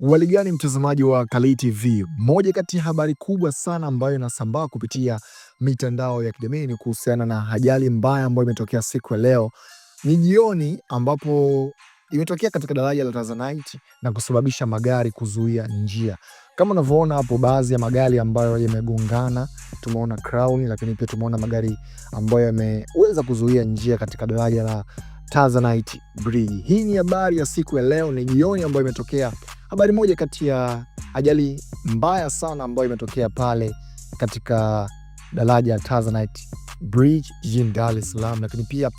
Waligani mtazamaji wa Kali TV, moja kati ya habari kubwa sana ambayo inasambaa kupitia mitandao ya kijamii ni kuhusiana na ajali mbaya ambayo imetokea siku ya leo. Ni jioni ambapo imetokea katika daraja la Tanzanite na kusababisha magari kuzuia njia. Kama unavyoona hapo, baadhi ya magari ambayo yamegongana, tumeona Crown, lakini pia tumeona magari ambayo yameweza kuzuia njia katika daraja la Tanzanite Bridge. Hii ni habari ya siku ya leo, ni jioni ambayo imetokea Habari moja kati ya ajali mbaya sana ambayo imetokea pale katika daraja ya Tanzanite Bridge jijini Dar es Salaam, lakini pia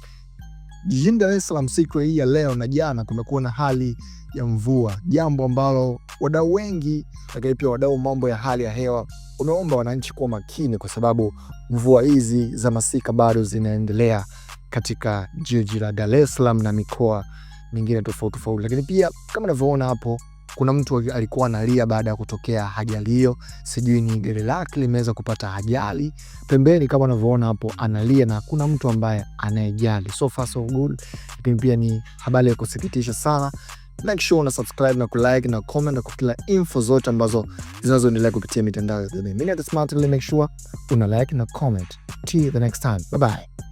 jijini Dar es Salaam siku hii ya leo na jana kumekuwa na hali ya mvua, jambo ambalo wadau wengi, lakini pia wadau mambo ya hali ya hewa wameomba wananchi kuwa makini, kwa sababu mvua hizi za masika bado zinaendelea katika jiji la Dar es Salaam na mikoa mingine tofauti tofauti, lakini pia kama unavyoona hapo kuna mtu alikuwa analia baada ya kutokea ajali hiyo, sijui ni gari lake limeweza kupata ajali. Pembeni kama unavyoona hapo analia, na kuna mtu ambaye anayejali. So far so good, lakini pia ni habari ya kusikitisha sana. Make sure una subscribe na kulike na comment na kufutilia info zote ambazo zinazoendelea kupitia mitandao ya kijamii. Mimi ni The Smart, make sure una like na comment. Till the next time, bye bye.